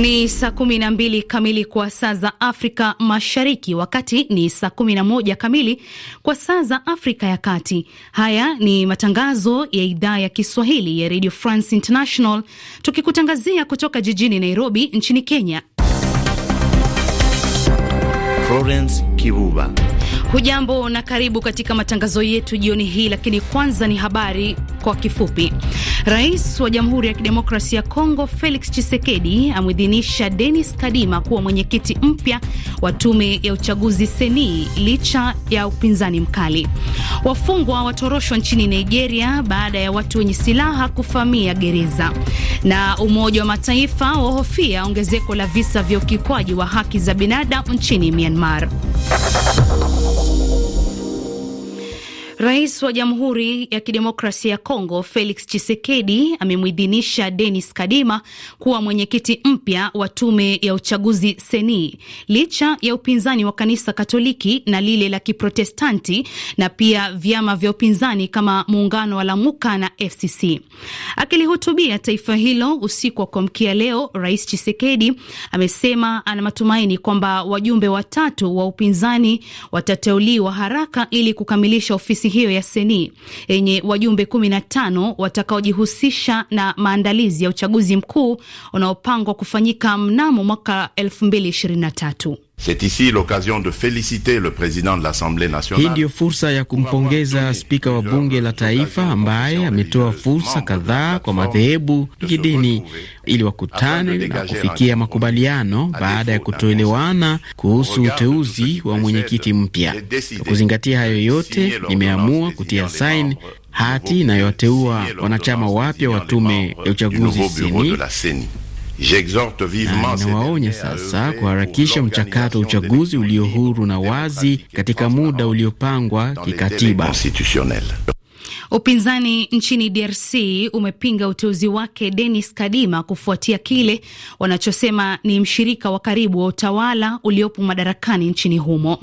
Ni saa kumi na mbili kamili kwa saa za Afrika Mashariki, wakati ni saa kumi na moja kamili kwa saa za Afrika ya Kati. Haya ni matangazo ya idhaa ya Kiswahili ya Radio France International, tukikutangazia kutoka jijini Nairobi nchini Kenya. Florence Kibuba. Hujambo na karibu katika matangazo yetu jioni hii, lakini kwanza ni habari kwa kifupi. Rais wa Jamhuri ya Kidemokrasia ya Kongo Felix Tshisekedi amwidhinisha Denis Kadima kuwa mwenyekiti mpya wa tume ya uchaguzi seni licha ya upinzani mkali. Wafungwa watoroshwa nchini Nigeria baada ya watu wenye silaha kufamia gereza. Na Umoja wa Mataifa wahofia ongezeko la visa vya ukiukwaji wa haki za binadamu nchini Myanmar. Thank you. Rais wa Jamhuri ya Kidemokrasia ya Kongo Felix Tshisekedi amemwidhinisha Denis Kadima kuwa mwenyekiti mpya wa tume ya uchaguzi seni licha ya upinzani wa kanisa Katoliki na lile la Kiprotestanti na pia vyama vya upinzani kama muungano wa Lamuka na FCC. Akilihutubia taifa hilo usiku wa kuamkia leo, Rais Tshisekedi amesema ana matumaini kwamba wajumbe watatu wa upinzani watateuliwa haraka ili kukamilisha ofisi hiyo ya Seni yenye wajumbe tano watakaojihusisha na maandalizi ya uchaguzi mkuu unaopangwa kufanyika mnamo mwaka tatu. C'est ici l'occasion de féliciter le président de l'Assemblée nationale. Hii ndiyo fursa ya kumpongeza spika wa bunge la taifa ambaye ametoa fursa kadhaa kwa madhehebu ya kidini ili wakutane na kufikia makubaliano baada ya kutoelewana kuhusu uteuzi wa mwenyekiti mpya. Kwa kuzingatia hayo yote, nimeamua kutia saini hati inayowateua wanachama wapya wa tume ya uchaguzi seni Nawaonya sasa kuharakisha mchakato wa uchaguzi ulio huru na wazi katika muda uliopangwa kikatiba. Upinzani nchini DRC umepinga uteuzi wake Denis Kadima kufuatia kile wanachosema ni mshirika wa karibu wa utawala uliopo madarakani nchini humo.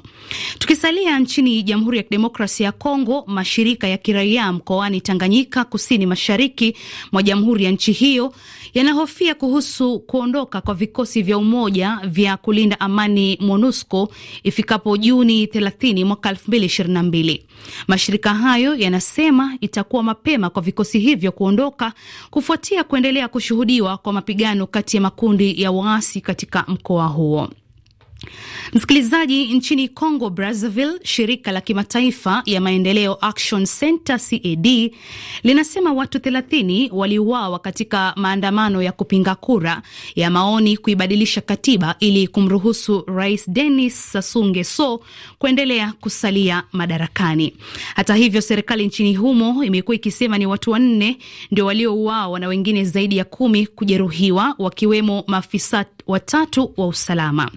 Tukisalia nchini Jamhuri ya Kidemokrasia ya Kongo, mashirika ya kiraia mkoani Tanganyika, kusini mashariki mwa jamhuri ya nchi hiyo, yanahofia kuhusu kuondoka kwa vikosi vya umoja vya kulinda amani MONUSCO ifikapo Juni 30 mwaka 2022. Mashirika hayo yanasema itakuwa mapema kwa vikosi hivyo kuondoka kufuatia kuendelea kushuhudiwa kwa mapigano kati ya makundi ya waasi katika mkoa huo. Msikilizaji, nchini Congo Brazzaville, shirika la kimataifa ya maendeleo Action Center CAD linasema watu 30 waliuawa katika maandamano ya kupinga kura ya maoni kuibadilisha katiba ili kumruhusu Rais Denis Sassou Nguesso kuendelea kusalia madarakani. Hata hivyo, serikali nchini humo imekuwa ikisema ni watu wanne ndio waliouawa na wengine zaidi ya kumi kujeruhiwa, wakiwemo maafisa watatu wa usalama.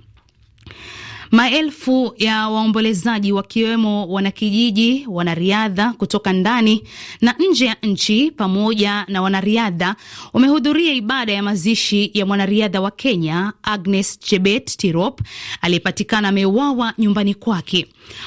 Maelfu ya waombolezaji wakiwemo wanakijiji, wanariadha kutoka ndani na nje ya nchi pamoja na wanariadha wamehudhuria ibada ya mazishi ya mwanariadha wa Kenya Agnes Chebet Tirop aliyepatikana ameuawa nyumbani kwake.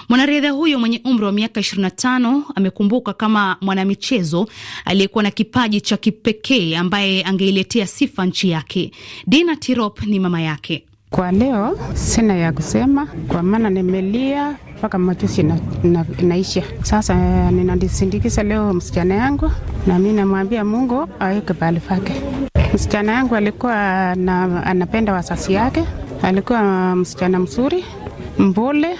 Mwanariadha huyo mwenye umri wa miaka 25 amekumbuka kama mwanamichezo aliyekuwa na kipaji cha kipekee ambaye angeiletea sifa nchi yake. Dina Tirop ni mama yake. Kwa leo sina ya kusema, kwa maana nimelia mpaka machozi na, na, naisha. Sasa ninadisindikiza leo msichana yangu, na mi namwambia Mungu aweke pahali pake. Msichana yangu alikuwa na, anapenda wasasi yake, alikuwa msichana mzuri, mbole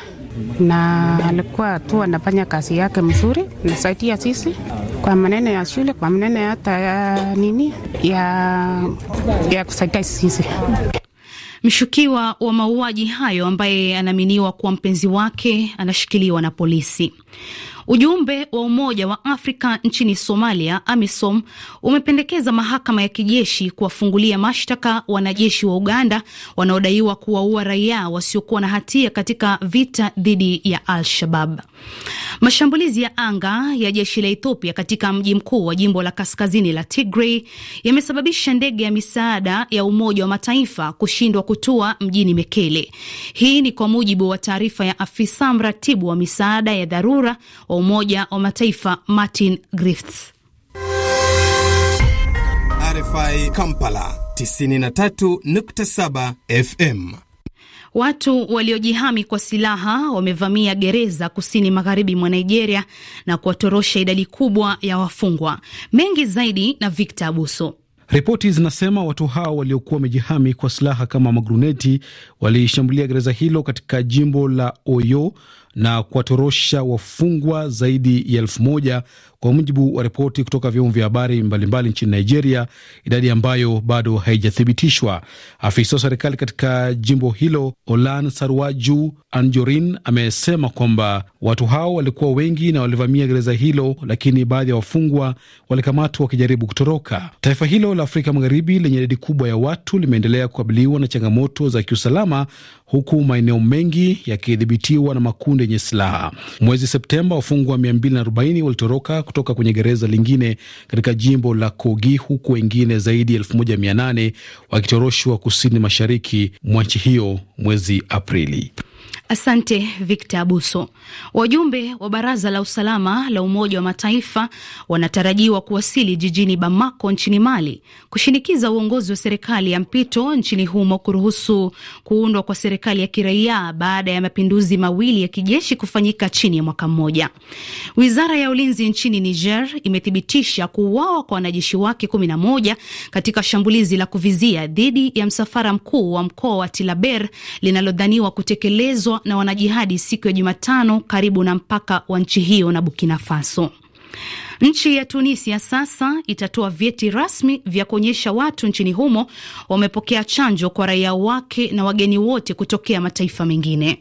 na alikuwa tu anafanya kazi yake mzuri, nasaidia sisi kwa maneno ya shule, kwa maneno hata ya nini ya, ya kusaidia sisi. Mshukiwa wa mauaji hayo ambaye anaaminiwa kuwa mpenzi wake anashikiliwa na polisi. Ujumbe wa Umoja wa Afrika nchini Somalia, AMISOM, umependekeza mahakama ya kijeshi kuwafungulia mashtaka wanajeshi wa Uganda wanaodaiwa kuwaua raia wasiokuwa na hatia katika vita dhidi ya Al-Shabab. Mashambulizi ya anga ya jeshi la Ethiopia katika mji mkuu wa jimbo la kaskazini la Tigray yamesababisha ndege ya misaada ya Umoja wa Mataifa kushindwa kutua mjini Mekele. Hii ni kwa mujibu wa taarifa ya afisa mratibu wa misaada ya dharura wa Umoja wa Mataifa Martin Griffiths. RFI Kampala 93.7 FM. Watu waliojihami kwa silaha wamevamia gereza kusini magharibi mwa Nigeria na kuwatorosha idadi kubwa ya wafungwa. Mengi zaidi na Victor Abuso. Ripoti zinasema watu hao waliokuwa wamejihami kwa silaha kama magruneti walishambulia gereza hilo katika jimbo la Oyo na kuwatorosha wafungwa zaidi ya elfu moja kwa mujibu wa ripoti kutoka vyombo vya habari mbalimbali nchini Nigeria, idadi ambayo bado haijathibitishwa. Afisa wa serikali katika jimbo hilo Olan Sarwaju Anjorin amesema kwamba watu hao walikuwa wengi na walivamia gereza hilo, lakini baadhi ya wafungwa walikamatwa wakijaribu kutoroka. Taifa hilo la Afrika Magharibi lenye idadi kubwa ya watu limeendelea kukabiliwa na changamoto za kiusalama, huku maeneo mengi yakidhibitiwa na makundi makundi yenye silaha. Mwezi Septemba, wafungwa 240 walitoroka kutoka kwenye gereza lingine katika jimbo la Kogi, huku wengine zaidi ya 1800 wakitoroshwa kusini mashariki mwa nchi hiyo mwezi Aprili. Asante Victor Abuso. Wajumbe wa Baraza la Usalama la Umoja wa Mataifa wanatarajiwa kuwasili jijini Bamako nchini Mali kushinikiza uongozi wa serikali ya mpito nchini humo kuruhusu kuundwa kwa serikali ya kiraia baada ya mapinduzi mawili ya kijeshi kufanyika chini ya mwaka mmoja. Wizara ya Ulinzi nchini Niger imethibitisha kuuawa kwa wanajeshi wake moja katika shambulizi la kuvizia dhidi ya msafara mkuu wa mkoa wa Tilaber linalodhaniwa kutekelezwa na wanajihadi siku ya Jumatano karibu na mpaka wa nchi hiyo na Burkina Faso. Nchi ya Tunisia sasa itatoa vyeti rasmi vya kuonyesha watu nchini humo wamepokea chanjo kwa raia wake na wageni wote kutokea mataifa mengine.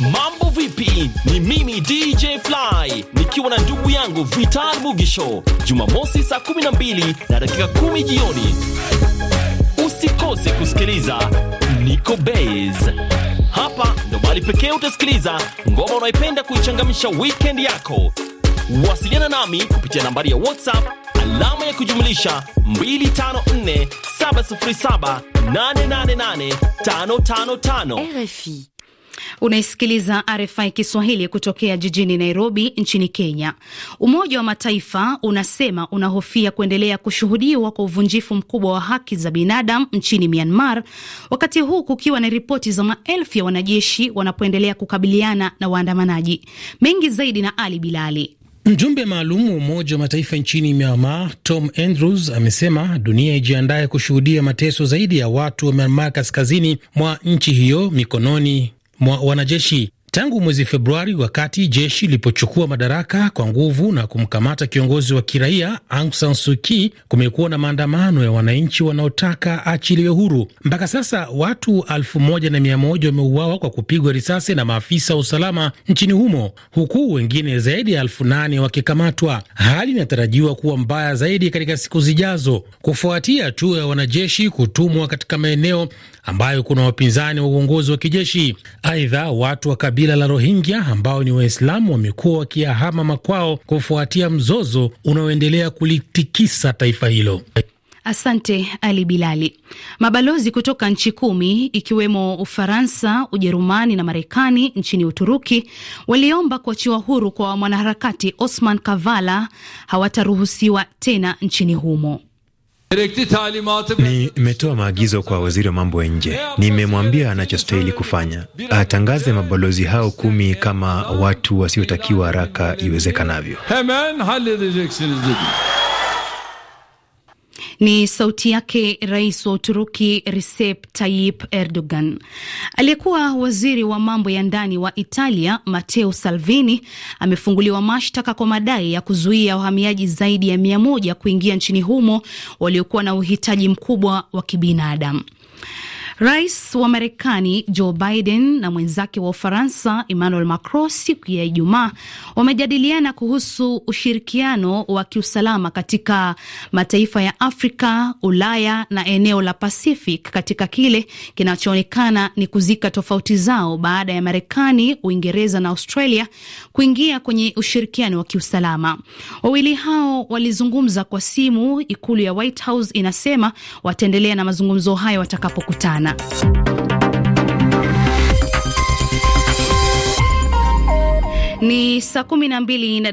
Mambo vipi? Ni mimi DJ Fly nikiwa na ndugu yangu Vital Mugisho. Jumamosi saa 12 na dakika 10 jioni, usikose kusikiliza Niko Base. Hapa ndo bali pekee utasikiliza ngoma unaipenda kuichangamsha wikend yako. Wasiliana nami kupitia nambari ya WhatsApp alama ya kujumlisha 254 707 888 555 RFI. Unaisikiliza RFI Kiswahili kutokea jijini Nairobi nchini Kenya. Umoja wa Mataifa unasema unahofia kuendelea kushuhudiwa kwa uvunjifu mkubwa wa haki za binadamu nchini Myanmar, wakati huu kukiwa na ripoti za maelfu ya wanajeshi wanapoendelea kukabiliana na waandamanaji. Mengi zaidi na Ali Bilali. Mjumbe maalum wa Umoja wa Mataifa nchini Myanmar, Tom Andrews, amesema dunia ijiandaye kushuhudia mateso zaidi ya watu wa Myanmar kaskazini mwa nchi hiyo mikononi mwa wanajeshi tangu mwezi Februari, wakati jeshi lilipochukua madaraka kwa nguvu na kumkamata kiongozi wa kiraia Aung San Suu Kyi, kumekuwa na maandamano ya wananchi wanaotaka achiliwe huru. Mpaka sasa watu elfu moja na mia moja wameuawa kwa kupigwa risasi na maafisa wa usalama nchini humo, huku wengine zaidi ya elfu nane wakikamatwa. Hali inatarajiwa kuwa mbaya zaidi katika siku zijazo, kufuatia hatua ya wanajeshi kutumwa katika maeneo ambayo kuna wapinzani wa uongozi wa kijeshi. Aidha, watu wa kabila la Rohingya ambao ni Waislamu wamekuwa wakiahama makwao kufuatia mzozo unaoendelea kulitikisa taifa hilo. Asante Ali Bilali. Mabalozi kutoka nchi kumi ikiwemo Ufaransa, Ujerumani na Marekani nchini Uturuki waliomba kuachiwa huru kwa mwanaharakati Osman Kavala hawataruhusiwa tena nchini humo. Nimetoa maagizo kwa waziri wa mambo ya nje, nimemwambia anachostahili kufanya, atangaze mabalozi hao kumi kama watu wasiotakiwa haraka iwezekanavyo. Ni sauti yake rais wa Uturuki Recep Tayyip Erdogan. Aliyekuwa waziri wa mambo ya ndani wa Italia Matteo Salvini amefunguliwa mashtaka kwa madai ya kuzuia wahamiaji zaidi ya mia moja kuingia nchini humo waliokuwa na uhitaji mkubwa wa kibinadamu. Rais wa Marekani Joe Biden na mwenzake wa Ufaransa Emmanuel Macron siku ya Ijumaa wamejadiliana kuhusu ushirikiano wa kiusalama katika mataifa ya Afrika, Ulaya na eneo la Pacific katika kile kinachoonekana ni kuzika tofauti zao baada ya Marekani, Uingereza na Australia kuingia kwenye ushirikiano wa kiusalama. Wawili hao walizungumza kwa simu. Ikulu ya White House inasema wataendelea na mazungumzo hayo watakapokutana sana. Ni saa kumi na mbili na